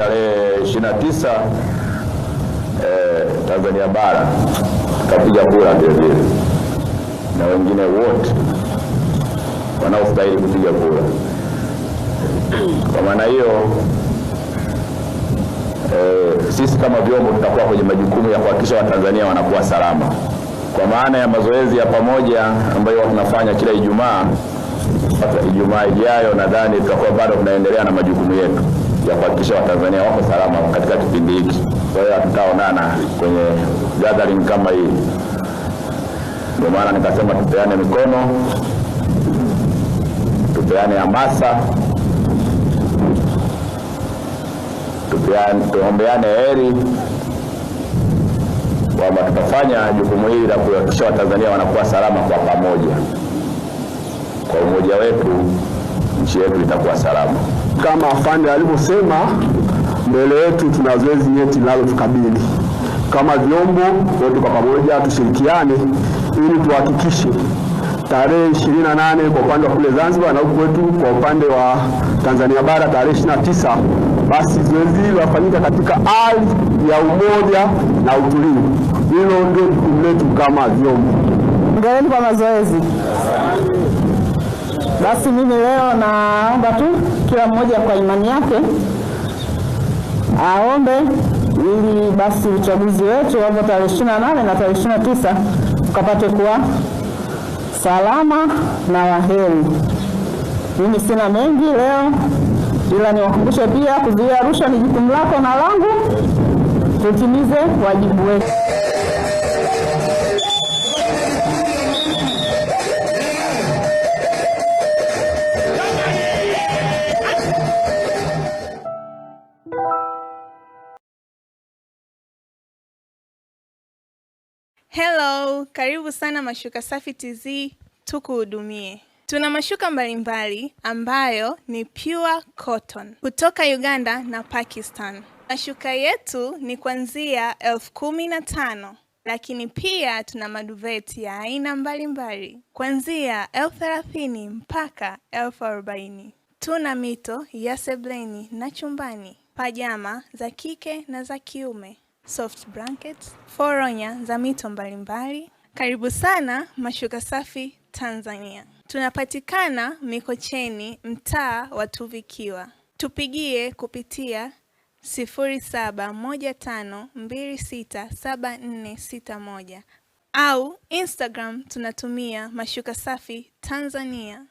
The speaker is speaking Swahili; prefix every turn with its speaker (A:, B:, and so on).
A: tarehe 29 eh, Tanzania bara tutapiga kura vile vile na wengine wote wanaostahili kupiga kura. Kwa maana hiyo eh, sisi kama vyombo tutakuwa kwenye majukumu ya kuhakikisha Watanzania wanakuwa salama, kwa maana ya mazoezi ya pamoja ambayo tunafanya kila Ijumaa. Ijumaa ijayo nadhani tutakuwa bado tunaendelea na majukumu yetu ya kuhakikisha Watanzania wako salama katika kipindi hiki. Kwa hiyo hatutaonana kwenye gathering kama hii, ndio maana nikasema tupeane mikono, tupeane hamasa, tuombeane heri kwamba tutafanya jukumu hili la kuhakikisha Watanzania wanakuwa salama kwa pamoja. Kwa umoja wetu, nchi yetu itakuwa salama
B: kama afande alivyosema, mbele yetu tuna zoezi nyeti linalotukabili kama vyombo wote kwa pamoja tushirikiane ili tuhakikishe tarehe 28 kwa upande wa kule Zanzibar na huku kwetu kwa upande wa Tanzania bara tarehe 29, basi zoezi hili lafanyika katika hali ya umoja na utulivu. Hilo ndio jukumu letu kama vyombo.
C: Ongereni kwa mazoezi. Basi mimi leo naomba tu kila mmoja kwa imani yake aombe ili basi uchaguzi wetu wavo tarehe ishirini na nane na tarehe ishirini na tisa ukapate kuwa salama na waheri. Mimi sina mengi leo, ila niwakumbushe pia, kuzuia rushwa ni jukumu lako na langu, tutimize wajibu wetu.
D: Hello, karibu sana Mashuka Safi TZ, tukuhudumie. Tuna mashuka mbalimbali ambayo ni pure cotton kutoka Uganda na Pakistan. Mashuka yetu ni kuanzia elfu kumi na tano lakini pia tuna maduveti ya aina mbalimbali kuanzia elfu thelathini mpaka elfu arobaini. Tuna mito ya sebleni na chumbani, pajama za kike na za kiume soft blankets, foronya za mito mbalimbali. Karibu sana Mashuka Safi Tanzania. Tunapatikana Mikocheni, mtaa wa Tuvikiwa. Tupigie kupitia 0715267461 au Instagram tunatumia Mashuka Safi Tanzania.